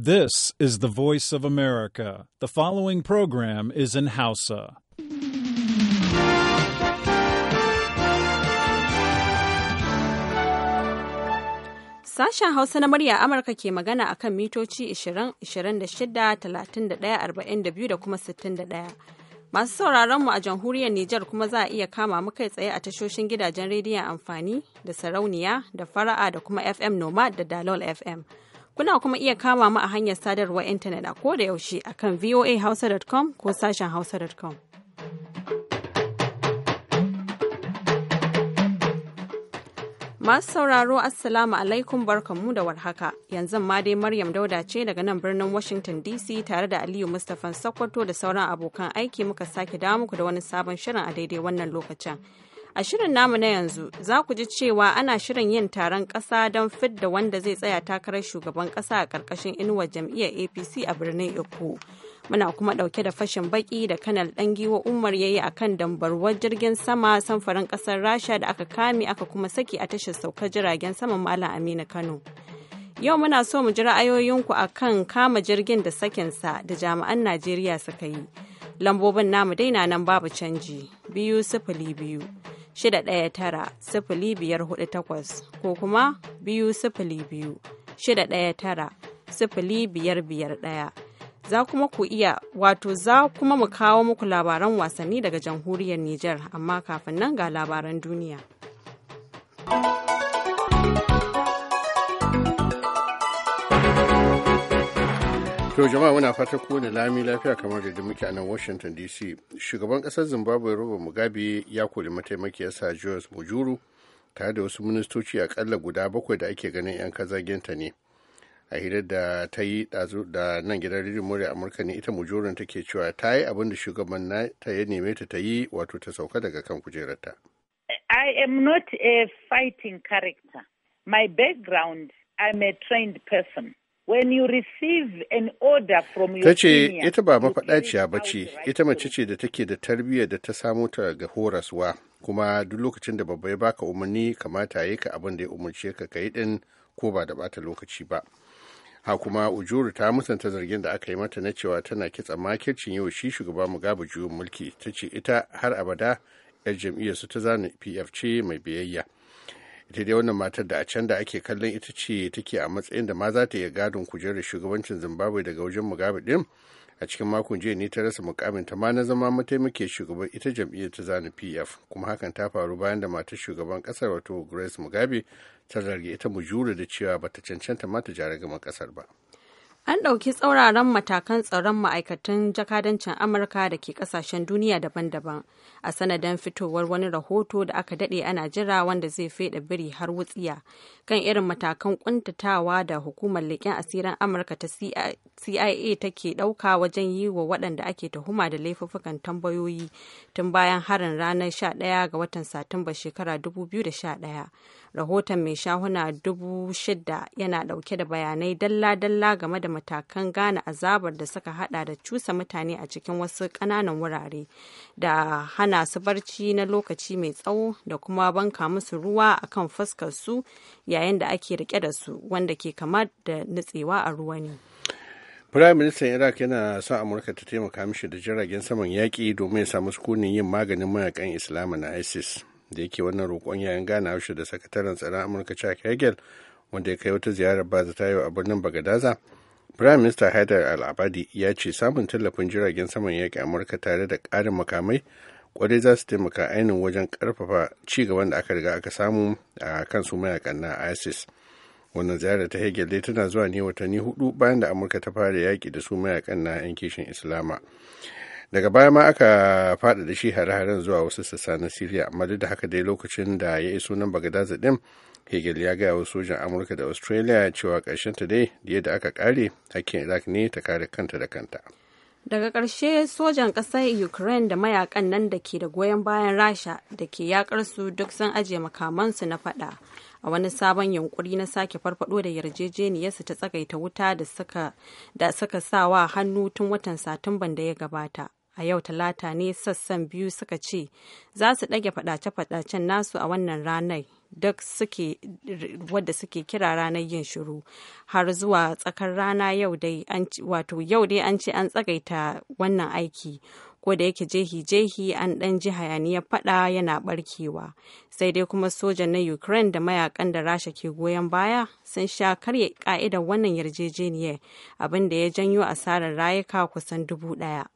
This is the voice of America. The following program is in Hausa. Sashen Hausa na murya Amurka ke magana a kan mitoci 20, 26, 31, 42 da kuma 61. Masu sauraron mu a jamhuriyar Nijar kuma za a iya kama mu kai tsaye a tashoshin gidajen rediyon amfani da sarauniya da fara'a da kuma FM Nomad da Dalol FM. Kuna kuma iya kama mu a hanyar sadarwar intanet a ko da yaushe akan voahausa.com ko sashen hausa.com. Masu sauraro Assalamu alaikum barkanmu da warhaka. Yanzu ma dai Maryam Dauda ce daga nan birnin Washington DC tare da Aliyu Mustapha Sokoto da sauran abokan aiki muka sake damu muku da wani sabon shirin a daidai wannan lokacin. A shirin namu na yanzu za ku ji cewa ana shirin yin taron ƙasa don fidda wanda zai tsaya takarar shugaban ƙasa a ƙarƙashin inuwar jam'iyyar APC a birnin Eko. Muna kuma ɗauke da fashin baki da kanal ɗan giwa Umar ya yi a kan dambarwar jirgin sama samfarin ƙasar Rasha da aka kame aka kuma saki a tashar saukar jiragen saman Malam Aminu Kano. Yau muna so mu ji ra'ayoyinku a kan kama jirgin da sakinsa da jami'an Najeriya suka yi. Lambobin namu daina nan babu canji. Biyu sifili biyu. takwas ko kuma biyu sifili biyu shida daya tara sifili biyar biyar ɗaya za kuma ku iya wato za kuma mu kawo muku labaran wasanni daga jamhuriyar Nijar amma kafin nan ga labaran duniya. To jama'a muna fata kowane da lami lafiya kamar da muke a nan Washington DC. Shugaban kasar Zimbabwe Robert Mugabe ya kori mataimakiyarsa jos Mujuru tare da wasu ministoci akalla guda bakwai da ake ganin 'yan kazagenta ne. A hira da ta yi da nan gidan rediyon murya Amurka ne ita Mujurun take cewa ta yi abin da shugaban ta ya neme ta ta yi wato ta sauka daga kan kujerarta. I am not a fighting character. My background, I'm a trained person. when you receive an order from ita ba mafaɗaciya ba ce ita mace ce da take da tarbiyyar da ta samo ta ga horaswa kuma duk lokacin da babba ya baka umarni kamata yi ka abin da ya umarce ka ka yi ɗin ko ba da bata lokaci ba ha kuma ujuru ta musanta zargin da aka yi mata na cewa tana kitsa makircin yau shi shugaba mu gaba juyin mulki ta ce ita har abada 'yar jam'iyyar su ta zane pf mai biyayya ita dai wannan matar da a can da ake kallon ita ce take a matsayin da ma za ta iya gadon kujerar shugabancin zimbabwe daga wajen mugabe din a cikin makon jiya ne ta rasa mukamin ta ma na zama mataimake shugaban ita jam'iyyar ta zanu pf kuma hakan ta faru bayan da matar shugaban kasar wato grace mugabe ta zargi ita mu jure da cewa ba ta cancanta ma ta jara kasar ba. An ɗauki tsauraran matakan tsaron ma'aikatan jakadancin Amurka da ke ƙasashen duniya daban-daban a sanadin fitowar wani rahoto da aka daɗe ana jira wanda zai feɗa biri har wutsiya kan irin matakan ƙuntatawa da hukumar leƙen asirin Amurka ta CIA take ɗauka wajen yi wa waɗanda ake tuhuma da laifuffukan tambayoyi tun bayan harin ranar 11 ga watan Satumba shekara 2011. rahoton mai shahuna dubu shida yana dauke da bayanai dalla-dalla game da matakan gane azabar da suka hada da cusa mutane a cikin wasu kananan wurare da hana su barci na lokaci mai tsawo da kuma banka musu ruwa akan fuskar su yayin da ake rike da su wanda ke kama da nutsewa a ruwa ne. Firayim Ministan Iraq yana sa Amurka ta taimaka mishi da jiragen saman yaƙi domin ya samu sukunin yin maganin mayakan islam na ISIS. da yake wannan roƙon yayin gana haushe da sakataren tsaron amurka chuck hagel wanda ya kai wata ziyarar ba ta yau a birnin bagadaza prime minister haidar al-abadi ya ce samun tallafin jiragen saman yaƙi amurka tare da ƙarin makamai kwarai za su taimaka ainihin wajen ƙarfafa ci gaban da aka riga aka samu a kan su mayakan na isis wannan ziyarar ta hegel dai tana zuwa ne watanni hudu bayan da amurka ta fara yaƙi da su mayakan na yan kishin islama daga baya ma aka faɗaɗa shi hare-haren zuwa wasu sassa na siriya amma duk da haka dai lokacin da ya iso nan bagadaza din hegel ya gaya wa sojan amurka da australia cewa ta dai yadda aka kare hakkin iraq ne ta kare kanta da kanta daga ƙarshe sojan ƙasar ukraine da mayakan nan da ke da goyon bayan rasha da ke yakar su duk sun ajiye makamansu na faɗa a wani sabon yunkuri na sake farfado da yarjejeniyarsu ta tsagaita wuta da suka sawa hannu tun watan satumban da ya gabata a yau talata ne sassan biyu suka ce za su ɗage fadace-fadacen nasu a wannan ranar duk suke wadda suke kira ranar yin shiru har zuwa tsakar rana yau dai an wato yau dai an ce an tsagaita wannan aiki ko da yake jehi-jehi an ɗan ji hayaniyar fada yana barkewa sai dai kuma sojan na ukraine da mayakan da rasha ke goyon baya sun sha karya ka'idar wannan yarjejeniyar abin da ya janyo asarar rayuka kusan dubu ɗaya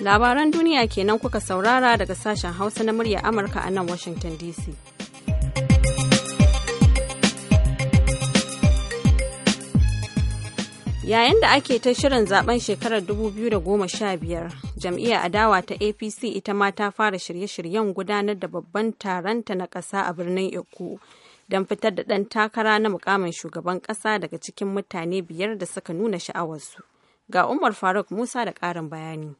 Labaran duniya kenan kuka saurara daga sashen Hausa na murya Amurka a nan Washington DC. Yayin da ake ta shirin zaben shekarar 2015, jam'iyyar adawa ta APC ita ma ta fara shirye-shiryen gudanar da babban taronta na ƙasa a birnin Eko. don fitar da ɗan takara na mukamin shugaban ƙasa daga cikin mutane biyar da suka nuna sha'awarsu. Ga Umar Faruk Musa da ƙarin bayani.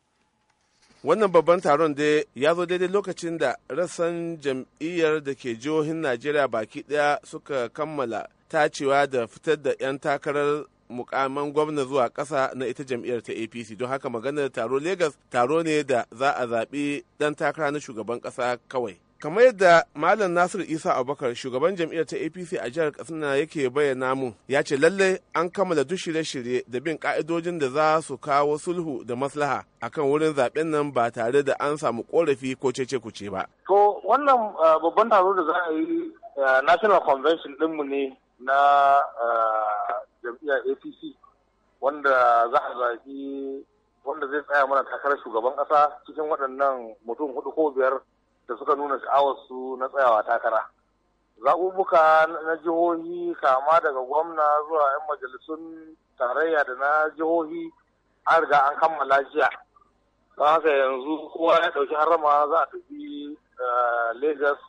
Wannan babban taron da ya zo daidai lokacin da rassan jam'iyyar da ke jihohin Najeriya baki ɗaya suka kammala tacewa da fitar da 'yan takarar mukaman gwamna zuwa ƙasa na ita jam'iyyar ta apc don haka maganar taro Legas taro ne da za a zaɓi ɗan takara na shugaban ƙasa kawai kamar yadda malam nasir isa abubakar shugaban jam'iyyar ta apc a jihar katsina yake bayyana mu ya ce lallai an kammala duk shirye-shirye da bin ka'idojin da za su kawo sulhu da maslaha akan wurin zaben nan ba tare da an samu korafi ko cece kuce ba to wannan uh, babban taro da za a yi uh, national convention dinmu ne na uh, jam'iyyar apc wanda za a zaɓi wanda zai tsaya mana takarar shugaban ƙasa cikin waɗannan mutum hudu ko biyar da suka nuna sha'awarsu na tsayawa takara. Zaɓuɓɓuka na jihohi kama daga gwamna zuwa 'yan majalisun tarayya da na jihohi an riga an kammala jiya. Don haka yanzu kowa ya ɗauki harama za a tafi eh, Lagos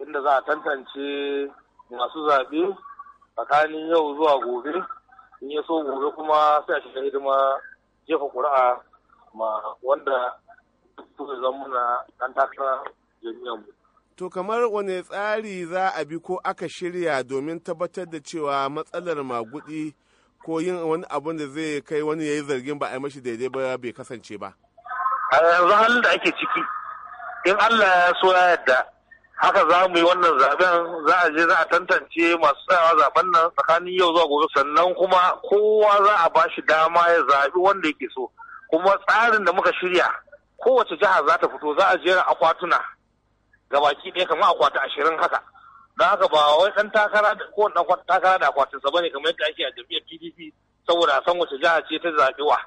inda za a tantance masu zaɓe tsakanin yau zuwa gobe. In ya so gobe kuma sai a shiga hidima jefa ƙuri'a ma wanda zai zama ɗan takara To kamar wane tsari za a bi ko aka shirya domin tabbatar da cewa matsalar magudi ko yin wani abun da zai kai wani ya yi zargin ba a yi mashi daidai ba bai kasance ba? A yanzu halin da ake ciki, in Allah ya so ya yadda haka za mu yi wannan zaben za a je za a tantance masu tsayawa zaben nan tsakanin yau zuwa gobe sannan kuma kowa za a ba shi dama ya zaɓi wanda yake so kuma tsarin da muka shirya kowace jiha za ta fito za a jera akwatuna gabaki ɗaya kamar akwati ashirin haka don haka ba wai ɗan takara ko ɗan takara da sa bane kamar yadda ake a jam'iyyar pdp saboda a san wace jiha ce ta zaɓi wa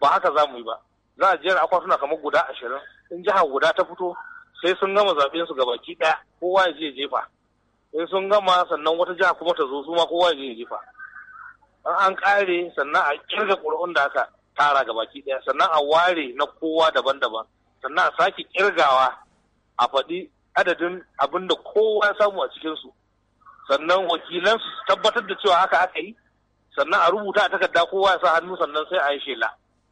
ba haka za mu yi ba za a jera akwatuna kamar guda ashirin in jiha guda ta fito sai sun gama zaɓen su gabaki ɗaya kowa ya je jefa sai sun gama sannan wata jiha kuma ta zo su ma kowa ya je jefa an ƙare sannan a kirga ƙuri'un da aka tara gabaki ɗaya sannan a ware na kowa daban-daban sannan a sake kirgawa a faɗi adadin abin da kowa ya samu a cikinsu sannan wakilansu su tabbatar da cewa haka aka yi sannan a rubuta a takarda kowa ya sa hannu sannan sai a yi shela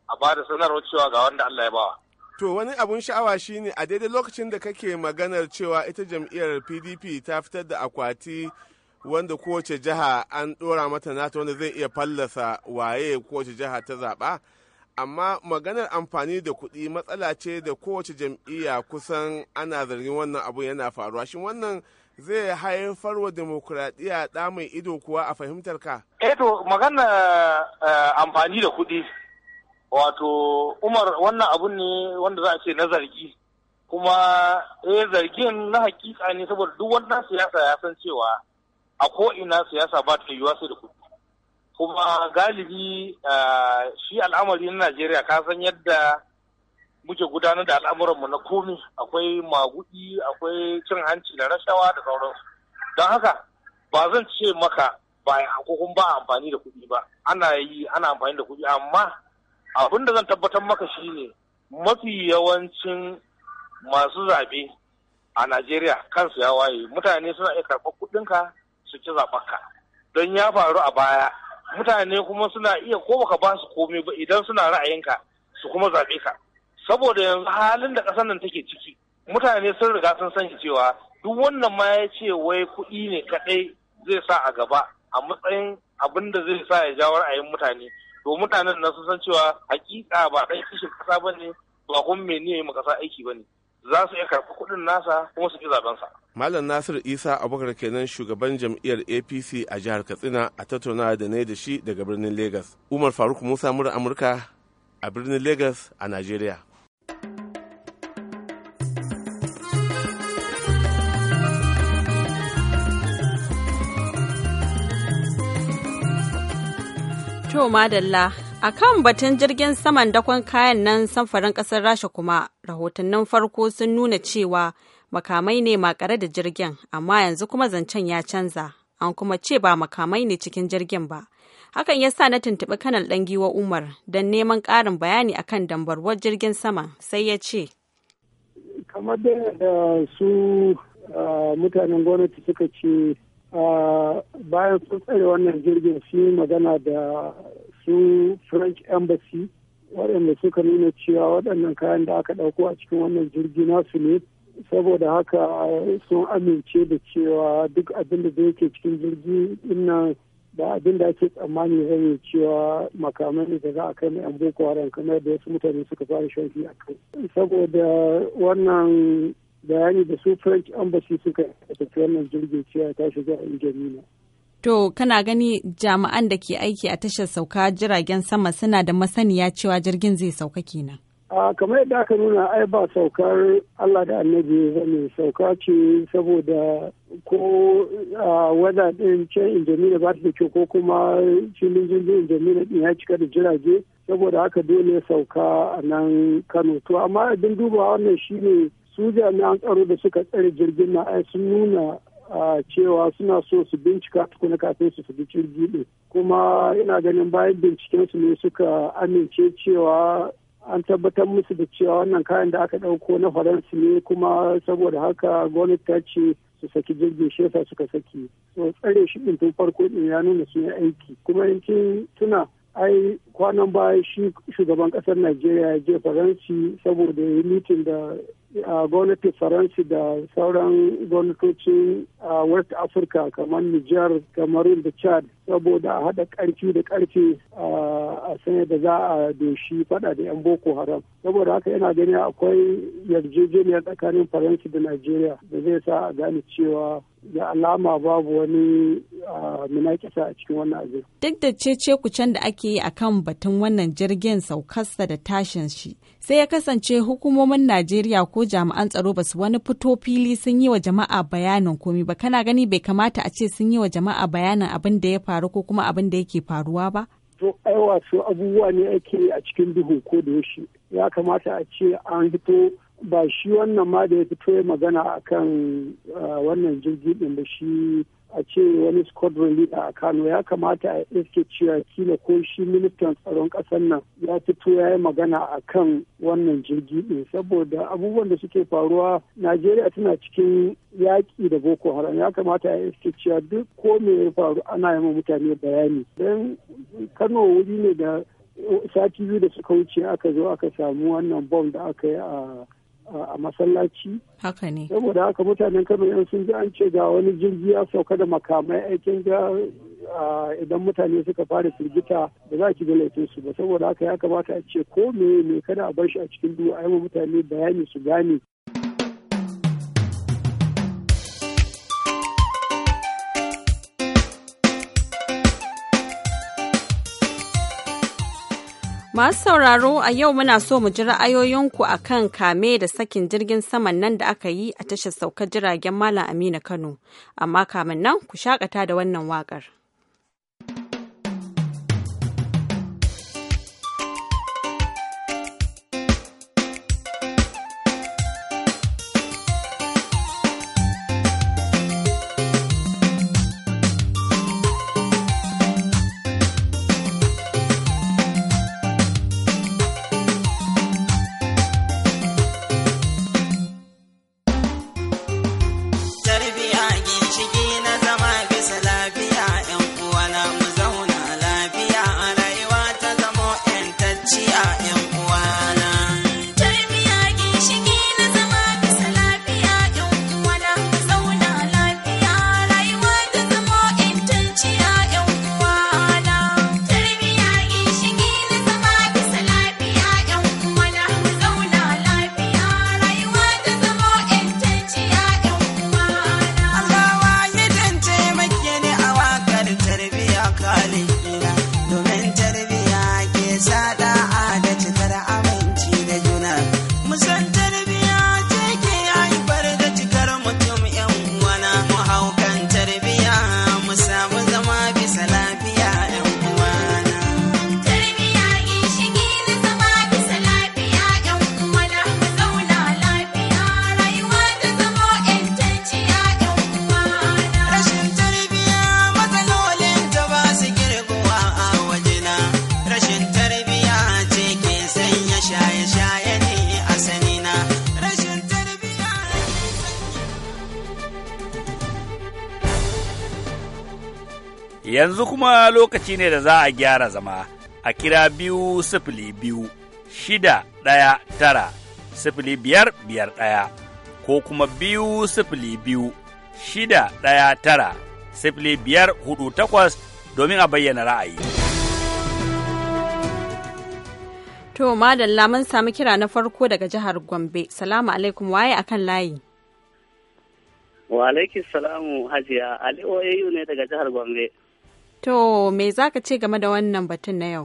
a ba da sanarwar cewa ga wanda Allah ya bawa. To wani abun sha'awa shine a daidai lokacin da kake maganar cewa ita jam'iyyar PDP ta fitar da akwati wanda kowace jiha an ɗora mata nata wanda zai iya fallasa waye kowace jiha ta zaɓa. amma maganar amfani da kuɗi matsala ce da kowace jam'iyya kusan ana zargin wannan abu yana faruwa shin wannan zai haifar wa demokuraɗiyya ɗa mai ido kuwa a fahimtar ka? Eh to maganar eh, amfani da kuɗi wato umar wannan abu ne wanda za a ce na zargi kuma eh zargin na hakika ne saboda duk wannan siyasa ya san cewa a ko'ina siyasa ba ta yiwuwa sai da kuɗi kuma galibi shi al'amari na najeriya ka san yadda muke gudanar da al'amuranmu na komi akwai magudi akwai cin hanci da rashawa da sauransu don haka ba zan ce maka ba ko ba amfani da kuɗi ba ana yi ana amfani da kuɗi amma abin da zan tabbatar maka shine mafi yawancin masu zaɓe a Najeriya kansu ya waye mutane suna iya karɓar kuɗinka su ci zaɓarka don ya faru a baya mutane kuma suna iya ko baka ba su komai ba idan suna ra'ayinka su kuma zaɓe ka saboda yanzu halin da ƙasar nan take ciki mutane sun riga sun san cewa duk wannan ma ya ce wai kuɗi ne kaɗai zai sa a gaba a matsayin abin da zai sa ya jawo ra'ayin mutane to mutanen nan sun san cewa hakika ba ɗan kishin ƙasa ba ne ba kuma mene ma ƙasa aiki ba ne za su iya karɓi kuɗin nasa kuma su ƙi zaɓensa. Malam Nasir Isa Abubakar kenan shugaban jam'iyyar APC a jihar Katsina a tattauna da ne da shi daga birnin Legas. Umar Faruk Musa mura Amurka a birnin Legas a Najeriya. To madalla a kan batun jirgin saman dakon kayan nan samfarin ƙasar Rasha kuma rahotannin farko sun nuna cewa makamai ne makare da jirgin amma yanzu kuma zancen ya canza an kuma ce ba makamai ne cikin jirgin ba hakan ya sa na tuntuɓi kanal ɗan giwa umar don neman ƙarin bayani akan dambarwar jirgin sama sai ya ce kamar da eh, su eh, mutanen gwamnati suka ce eh, bayan sun tsare wannan jirgin su magana da su french embassy waɗanda suka nuna cewa waɗannan kayan da aka ɗauko a cikin wannan jirgi nasu ne saboda haka sun amince da cewa duk abin da yake cikin jirgi ina da abin da ake tsammani zai yi cewa makamai ne da za a kai mai an boko haram kamar da wasu mutane suka fara shafi a kai saboda wannan bayani da su french embassy suka tafi wannan jirgin cewa ta shiga na. to kana gani jami'an da ke aiki a tashar sauka jiragen sama suna da masaniya cewa jirgin zai sauka kenan kamar yadda aka nuna ai ba saukar Allah da annabi bane sauka ce saboda ko wada ɗin ce injamina ba ta da kyau ko kuma cilin jirgin injamina ɗin ya cika da jirage saboda haka dole sauka a nan Kano to amma abin duba wannan shine su jami'an tsaro da suka tsare jirgin na ai sun nuna a cewa suna so su bincika tukuna kafin su fi jirgi ɗin kuma ina ganin bayan binciken su ne suka amince cewa an tabbatar musu da cewa wannan kayan da aka ɗauko na faransu ne kuma saboda haka gwamnati ta ce su saki jirgin shefa suka saki so tsare shi ɗin tun farko ɗin ya nuna sun yi aiki kuma in kin tuna ai kwanan baya shi shugaban ƙasar najeriya ya je faransi saboda ya yi mitin da a gwamnatin faransa da sauran gwamnatocin west africa kamar niger cameroon da chad saboda a haɗa ƙarfi da ƙarfe a sanya da za a doshi faɗa da 'yan boko haram saboda haka yana ganin akwai yarjejeniyar tsakanin faransa da nigeria da zai sa a gane cewa da alama babu wani munakisa a cikin wannan abin. Duk da cece kucen da ake yi a kan batun wannan jirgin saukarsa da tashin shi, sai ya kasance hukumomin Najeriya ko jami'an tsaro ba su wani fito fili sun yi wa jama'a bayanin komi ba. Kana gani bai kamata a ce sun yi wa jama'a bayanin abin da ya faru ko kuma abin da yake faruwa ba? To ai wasu abubuwa ne ake a cikin duhu ko da yaushe. Ya kamata a ce an fito ba shi wannan ma da ya fito ya magana a kan wannan jirgi ɗin ba. shi a ce wani squadron leader a Kano ya kamata a iske cewa kila ko shi ministan tsaron ƙasar nan ya fito ya yi magana a kan wannan jirgi ɗin saboda abubuwan da suke faruwa Najeriya tana cikin yaƙi da Boko Haram ya kamata a iske cewa duk ko me ya faru ana yi mutane bayani don Kano wuri ne da sati biyu da suka wuce aka zo aka samu wannan bom da aka yi a a masallaci haka ne saboda haka mutanen kano yan sun ji an ce ga wani jirgi ya sauka da makamai aikin ga idan mutane suka fara firgita da za ki ga laifin su ba saboda haka ya kamata a ce ko me ne kada a bar shi a cikin duhu a yi mutane bayani su gane Masu sauraro a yau muna so mu ji ra'ayoyinku a kan kame da sakin jirgin saman nan da aka yi a tashar saukar jiragen Malam Aminu Kano, amma kamin nan ku shakata da wannan waƙar. yanzu kuma lokaci ne da za a gyara zama a kira biyu sifili biyu shida ɗaya tara sifili biyar biyar ɗaya ko kuma biyu sifili biyu shida ɗaya tara sifili biyar hudu takwas domin a bayyana ra'ayi. To madalla mun sami kira na farko daga jihar Gombe. Salamu alaikum waye akan layi. Wa alaikis salamu hajiya Aliyu ne daga jihar Gombe. To, me za ka ce game da wannan batun na yau?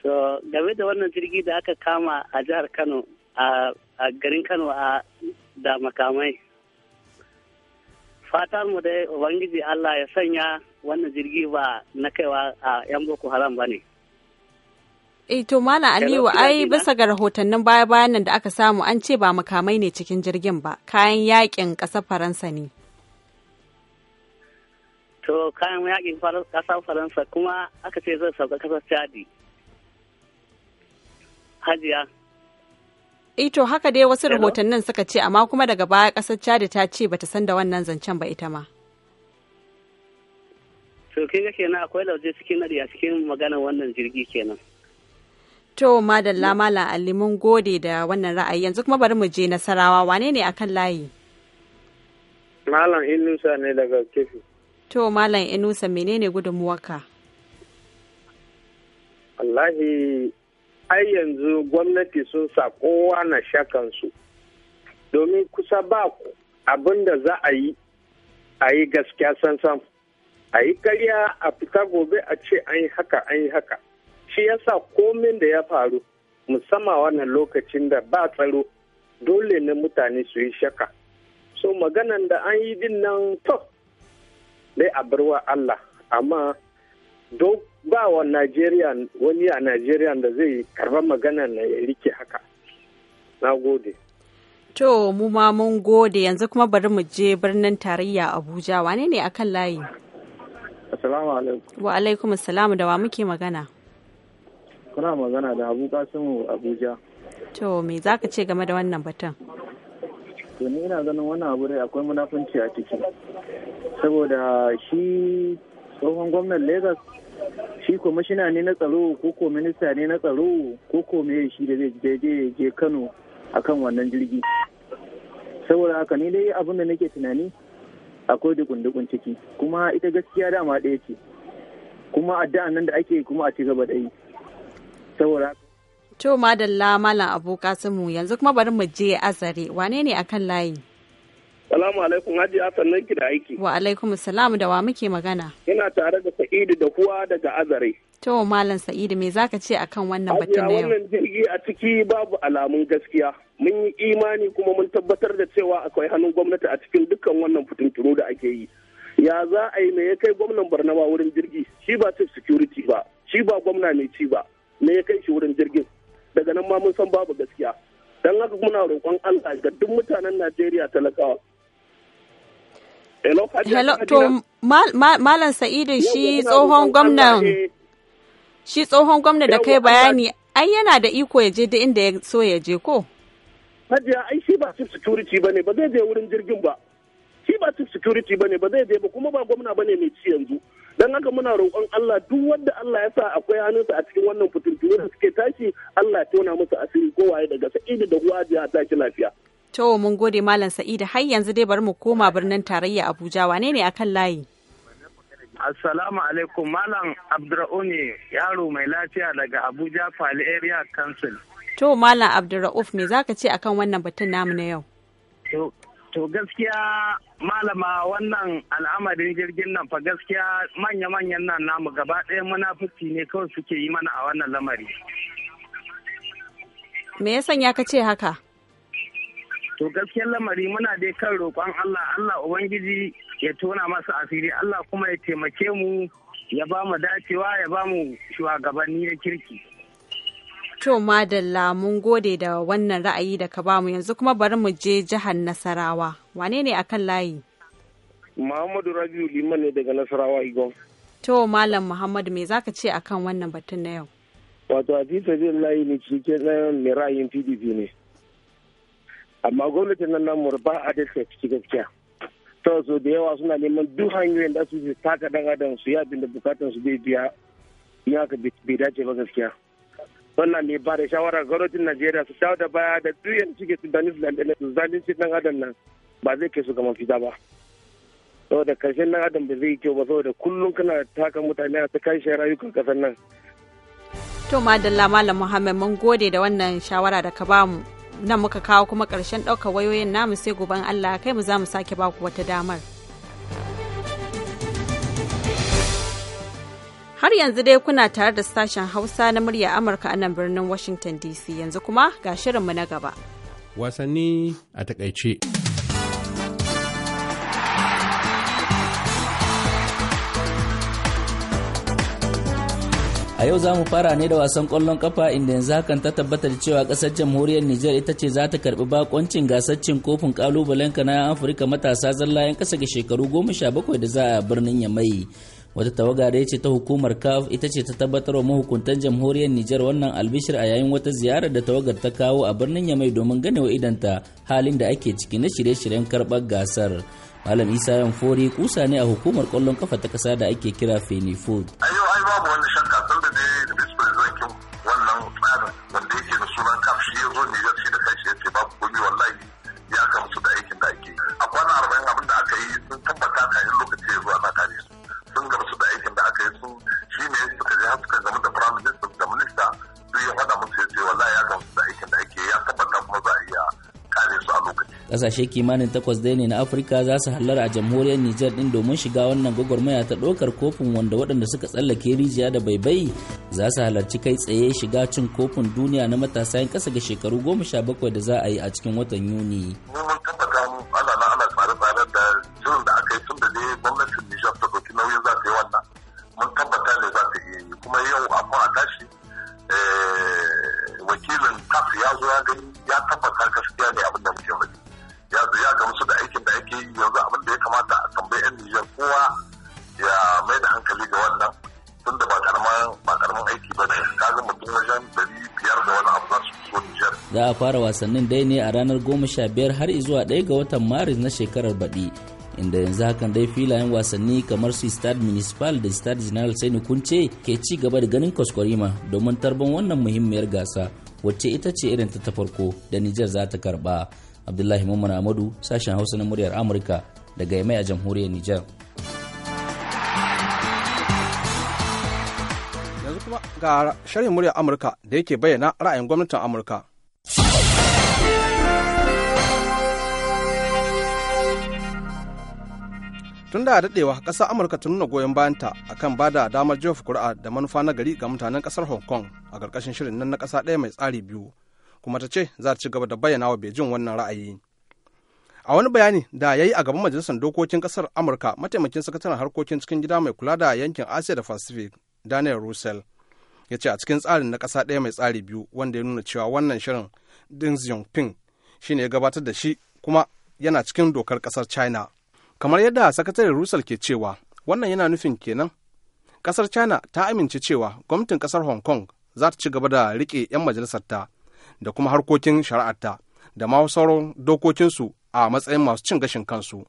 To, game da wannan jirgi da aka kama a jihar Kano, a garin Kano a da makamai. Fatar mu dai Ubangiji Allah ya sanya wannan jirgi ba na kaiwa a 'yan Boko Haram ba ne. E to Mala Aliyu ai bisa ga rahotannin baya-bayan da aka samu an ce ba makamai ne cikin jirgin ba, kayan yakin ƙasar Faransa ne. to kayan yakin kasar faransa kuma aka ce zai sauka kasar chadi hajiya ito eh, haka dai wasu rahotannin suka ce amma kuma daga baya kasar chadi ta ce bata san da wannan zancen ba ita ma to kin ga kenan akwai lauje cikin nadi a cikin maganar wannan jirgi kenan to madalla malam ali mun gode da wannan ra'ayi yanzu kuma bari mu je nasarawa wane ne akan layi malam inusa ne daga kefi To Malam Enusa menene gudunmuwarka? Wallahi ai yanzu gwamnati sun sa kowa na shakansu domin kusa ba abin da za a yi a yi gaskiya sansan a yi karya a fita gobe a ce an yi haka an yi haka shi ya yasa komin da ya faru musamman wannan lokacin da ba tsaro dole na mutane su yi shaka so maganan da an yi din nan to dai a bar wa Allah amma duk ba wa Najeriya wani a Najeriya da zai karba magana na ya rike haka na gode to mu ma mun gode yanzu kuma bari mu je birnin tarayya Abuja wane ne akan layi Assalamu alaikum wa alaikum assalam da wa muke magana kuna magana da Abu Kasimu Abuja to me zaka ce game da wannan batun to ni ina ganin wannan abu dai akwai munafunci a ciki saboda shi tsohon gwamnan lagos shi kwamishina ne na tsaro ko ko minista ne na tsaro ko ko me shi da zai je je kano akan wannan jirgi saboda haka ni dai abin da nake tunani akwai dukundukun ciki kuma ita gaskiya dama ɗaya ce kuma addu'an nan da ake kuma a ci gaba da yi saboda haka To madalla malam abu kasimu yanzu kuma bari mu je azare wane ne akan layi? Salamu alaikum Hajji Hassan ki da aiki. Wa alaikum salam da wa muke magana. Ina tare da Sa'idu da kuwa daga azare. To malam Sa'idu me zaka ce akan wannan batun da yau? wannan jirgi a ciki babu alamun gaskiya. Mun yi imani kuma mun tabbatar da cewa akwai hannun gwamnati a cikin dukkan wannan fitinturu da ake yi. ya za a yi me ya kai gwamnan barnawa wurin jirgi shi ba chief security ba shi ba gwamna mai ci ba me ya kai shi wurin jirgin daga nan ma mun san babu gaskiya don haka muna roƙon Allah ga duk mutanen Najeriya talakawa Hello, to Malam Sa'idu shi tsohon gwamnan shi tsohon gwamna da kai bayani ai yana da iko ya je da inda ya so ya je ko? Hajiya ai shi ba chief security bane ba zai je wurin jirgin ba. Shi ba chief security bane ba zai je ba kuma ba gwamna bane mai ci yanzu. don haka muna roƙon Allah duk wanda Allah ya sa akwai hannunsa a cikin wannan fitintu da suke tashi Allah ya tona musu asiri kowaye daga sa'idu da huwajiya tashi lafiya. To mun gode Malam Sa'idu har yanzu dai bari mu koma birnin tarayya Abuja wane ne akan layi? Assalamu alaikum Malam Abdurrauni yaro mai lafiya daga Abuja Fali Area Council. To Malam Abdurrauf me zaka ce akan wannan batun namu na yau? To gaskiya malama wannan al'amarin jirgin nan fa gaskiya manya-manyan nan namu gaba ɗaya munafuci ne kawai suke yi mana a wannan lamari. Me ya sanya ka ce haka? To gaskiyar lamari muna dai kan roƙon Allah, Allah Ubangiji ya tona masu asiri, Allah kuma ya taimake mu ya ba mu dacewa ya ba mu shugabanni na kirki. To Madalla mun gode da wannan ra'ayi da ka bamu yanzu kuma bari mu je jihar Nasarawa. Wane ne akan layi? Muhammadu Rabiu Liman ne daga Nasarawa Igon. To Malam Muhammadu me zaka ce akan wannan batun na yau? Wato Hadisa zai layi ne cikin mai ra'ayin PDP ne. Amma gwamnatin nan namu ba a da ciki gaskiya. Ta so da yawa suna neman duk hanyoyin da su taka dan adam su yabin da bukatan su bai biya. Ina ka bai dace ba gaskiya. wannan ne ba da shawara gwamnatin najeriya su dawo da baya da duk suke tunanin su zalunci dan adam nan ba zai kai su ga mafita ba saboda karshen dan adam ba zai kyau ba saboda kullum kana taka mutane a tsakanin shi rayukan kasar nan to madalla malam muhammad mun gode da wannan shawara da ka bamu nan muka kawo kuma karshen ɗaukar wayoyin namu sai gobe allah kai mu za mu sake baku wata damar Har yanzu dai kuna tare da sashen Hausa na murya Amurka a nan birnin Washington DC yanzu kuma ga shirinmu na gaba. Wasanni a takaice. a yau za mu fara ne da wasan kwallon kafa inda yanzu hakan ta tabbata da cewa kasar jamhuriyar Nijar ita ce za ta karbi bakoncin gasar kofin kalubalen na Afirka matasa zalla yan kasa ga shekaru goma sha bakwai da za a birnin Yamai wata tawaga da ce ta hukumar caf ita ce ta tabbatar wa mahukuntan jamhuriyar nijar wannan albishir a yayin wata ziyarar da tawagar ta kawo a birnin yamai domin ganewa idanta halin da ake ciki na shirye-shiryen karɓar gasar malam isa yanfori kusa ne a hukumar kwallon kafa ta ƙasa da ake kira Feni a yau ai babu wani shakka tun da dai da wannan tsarin wanda yake da sunan shi ya zo ne ya ce da kanshi ya ce babu komi wallahi ya da aikin da ake a kwana arba'in abin da aka yi sun tabbata kayan lokaci ya zuwa kasashe kimanin takwas dai ne na afirka za su hallara a jamhuriyar nijar din domin shiga wannan gwagwarmaya ta ɗaukar kofin wanda waɗanda suka tsallake rijiya da baibai za su halarci kai tsaye shiga cin kofin duniya na matasa yan ƙasa ga shekaru goma sha bakwai da za a yi a cikin watan yuni a fara wasannin dai ne a ranar 15 har zuwa 1 ga watan maris na shekarar baɗi inda yanzu hakan dai filayen wasanni kamar su stade municipal da stade general sai kunce ke ci gaba da ganin kwaskwarima domin tarban wannan muhimmiyar gasa wacce ita ce irin ta farko da nijar za ta karba abdullahi mamman amadu sashen hausa na muryar amurka daga mai a jamhuriyar nijar yanzu kuma ga shirin muryar amurka da yake bayyana ra'ayin gwamnatin amurka tun da daɗewa ƙasar amurka ta nuna goyon bayanta akan ba da damar jefa kuri'a da manufa na gari ga mutanen ƙasar hong kong a ƙarƙashin shirin nan na ƙasa ɗaya mai tsari biyu kuma ta ce za ta ci gaba da bayyana wa beijing wannan ra'ayi a wani bayani da ya yi a gaban majalisar dokokin ƙasar amurka mataimakin sakataren harkokin cikin gida mai kula da yankin asia da pacific daniel russell ya ce a cikin tsarin na ƙasa ɗaya mai tsari biyu wanda ya nuna cewa wannan shirin deng xiaoping shine ya gabatar da shi kuma yana cikin dokar ƙasar china kamar yadda sakataren rusal ke cewa wannan yana nufin kenan kasar china ta amince cewa gwamnatin kasar hong kong za ta ci gaba da rike 'yan majalisarta da kuma harkokin shari'arta da ma sauran dokokinsu a matsayin masu cin gashin kansu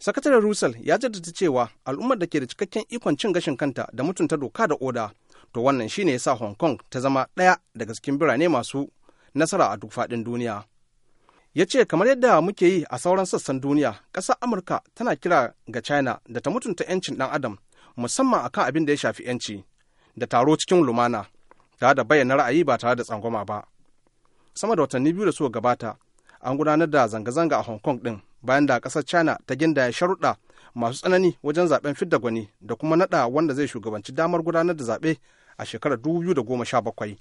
sakataren rusal ya jaddada cewa al'ummar da ke da cikakken ikon cin gashin kanta da mutunta doka da oda to wannan shine ya sa hong kong ta zama ɗaya daga cikin birane masu nasara a duk faɗin duniya ya ce kamar yadda muke yi a sauran sassan duniya ƙasar amurka tana kira ga china da ta mutunta 'yancin ɗan adam musamman akan abin da ya shafi 'yanci da taro cikin lumana tare da bayyana ra'ayi ba tare da tsangwama ba sama da watanni biyu da suka gabata an gudanar da zanga-zanga a hong kong din bayan da ƙasar china ta gindaya sharuɗa masu tsanani wajen zaben fidda gwani da kuma naɗa wanda zai shugabanci damar gudanar da zaɓe a shekarar bakwai.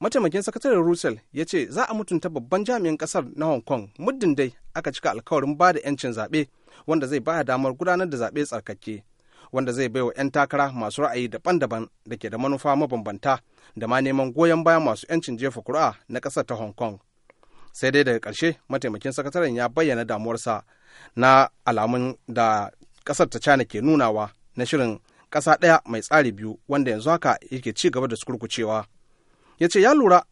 mataimakin sakataren russell ya ce za a mutunta babban jami'in kasar na hong kong muddin dai aka cika alkawarin ba da 'yancin zaɓe wanda zai baya damar gudanar da zaɓe tsarkake wanda zai baiwa 'yan takara masu ra'ayi daban-daban da ke da manufa mabambanta da ma neman goyon baya masu 'yancin jefa kuri'a na kasar ta hong kong sai dai daga ƙarshe mataimakin sakataren ya bayyana damuwarsa na alamun da ƙasar ta china ke nunawa na shirin ƙasa ɗaya mai tsari biyu wanda yanzu haka yake ci gaba da kurkucewa. ya ce ya lura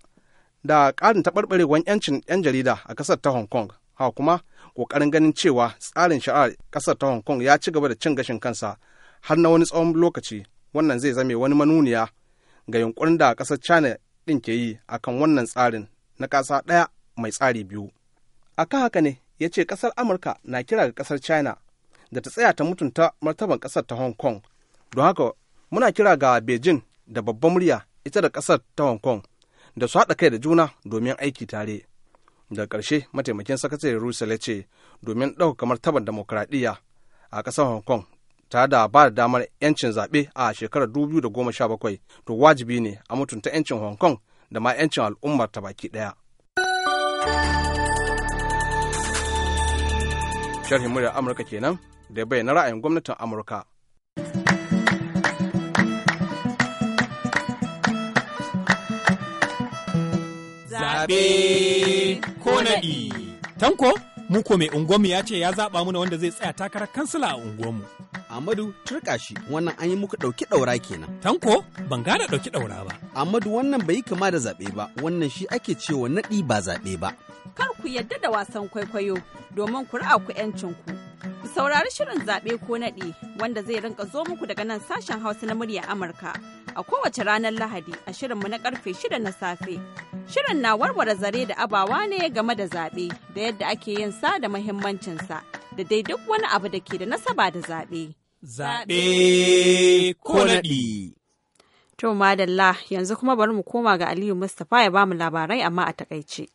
da ƙarin taɓarɓarewar 'yancin 'yan jarida a ƙasar ta hong kong ha kuma ƙoƙarin ganin cewa tsarin shari'ar ƙasar ta hong kong ya ci gaba da cin gashin kansa har na wani tsawon lokaci wannan zai zame wani manuniya ga yunkurin da ƙasar china ɗin ke yi akan wannan tsarin na ƙasa ɗaya mai tsari biyu a kan haka ne ya ce ƙasar amurka na kira ga ƙasar china da ta tsaya ta mutunta martaban ƙasar ta hong kong don haka muna kira ga beijing da babban murya ita da ƙasar ta hong kong da su haɗa kai da juna domin aiki tare da ƙarshe mataimakin sakatare rusa ya ce domin ɗauka kamar taban demokuraɗiyya a ƙasar hong kong tare da ba da damar 'yancin zaɓe a shekarar da goma sha bakwai to wajibi ne a mutunta 'yancin hong kong da ma 'yancin al'ummar ta baki ɗaya. sharhin murya amurka kenan da ya bayyana ra'ayin gwamnatin amurka zaɓe ko naɗi. Tanko, muko mai unguwarmu ya ce ya zaɓa muna wanda zai tsaya takarar kansila a unguwarmu. Amadu turka shi wannan an yi muku ɗauki ɗaura kenan. Tanko ban gane ɗauki ɗaura ba. Amadu wannan bai yi kama da zaɓe ba wannan shi ake cewa naɗi ba zaɓe ba. Kar ku yadda da wasan kwaikwayo domin ku ra'a ku 'yancinku. Ku saurari shirin zaɓe ko naɗi wanda zai rinka zo muku daga nan sashen Hausa na murya Amurka. a kowace ranar Lahadi a shirinmu na karfe shida na safe. Shirin na warware zare da abawa ne game da zaɓe da yadda ake yin sa da muhimmancinsa da dai duk wani abu da ke da nasaba da zaɓe. Zaɓe ko naɗi. To madalla yanzu kuma bari mu koma ga Aliyu Mustapha ya bamu labarai amma a takaice.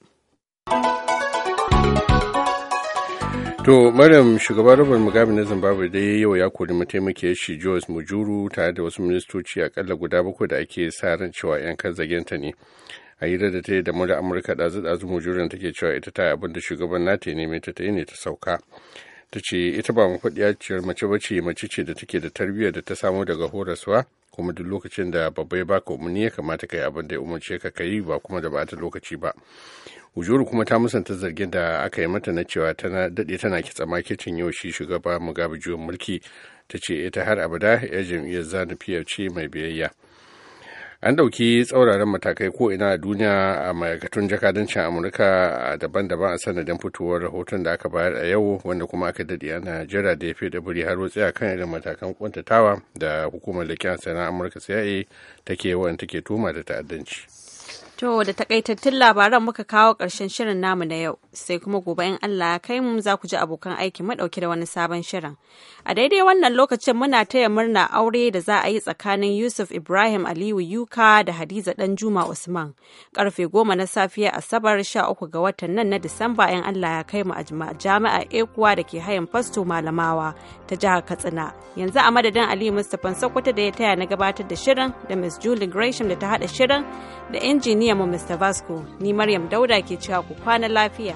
To Maryam shugaban rubar Mugabe na Zimbabwe dai yau ya kori mataimakiyar shi Jos Mujuru tare da wasu ministoci akalla guda bakwai da ake sa ran cewa 'yan kan ta ne. A yi da ta yi da mura Amurka ɗazu-ɗazu ta take cewa ita ta abin da shugaban nata ne ta ta yi ne ta sauka. Ta ce ita ba ciyar mace bace mace ce da take da tarbiyyar da ta samu daga horaswa kuma duk lokacin da babba ya baka umarni ya kamata ka yi abin da ya umarce ka ka yi ba kuma da ba ta lokaci ba. hujuru kuma ta musanta zargin da aka yi mata na cewa tana daɗe tana kitsa makicin yau shi shugaba mugabe juyin mulki ta ce ita har abada ya jam'iyyar zanu fiyarci mai biyayya an ɗauki tsauraran matakai ko ina a duniya a ma'aikatun jakadancin amurka daban-daban a sanadin fitowar rahoton da aka bayar a yau wanda kuma aka daɗe ana jira da ya fi da buri har wutsi a kan irin matakan kwantatawa da hukumar leƙen sana'a amurka cia take yawan take tuma da ta'addanci To da takaitattun labaran muka kawo ƙarshen shirin namu na yau sai kuma gobe in Allah ya kai mu za ku ji abokan aiki maɗauki da wani sabon shirin. A daidai wannan lokacin muna taya murna aure da za a yi tsakanin Yusuf Ibrahim Aliyu Yuka da Hadiza Danjuma Usman. Karfe goma na safiya Asabar sha uku ga watan nan na Disamba in Allah ya kai mu a jami'a Ekuwa da ke hayan fasto Malamawa ta jihar Katsina. Yanzu a madadin Aliyu Mustapha Sokoto da ya taya na gabatar da shirin da Miss Julie Gresham da ta haɗa shirin da injiniya mu Mr. Vasco, ni Maryam Dauda ke cewa ku kwana lafiya.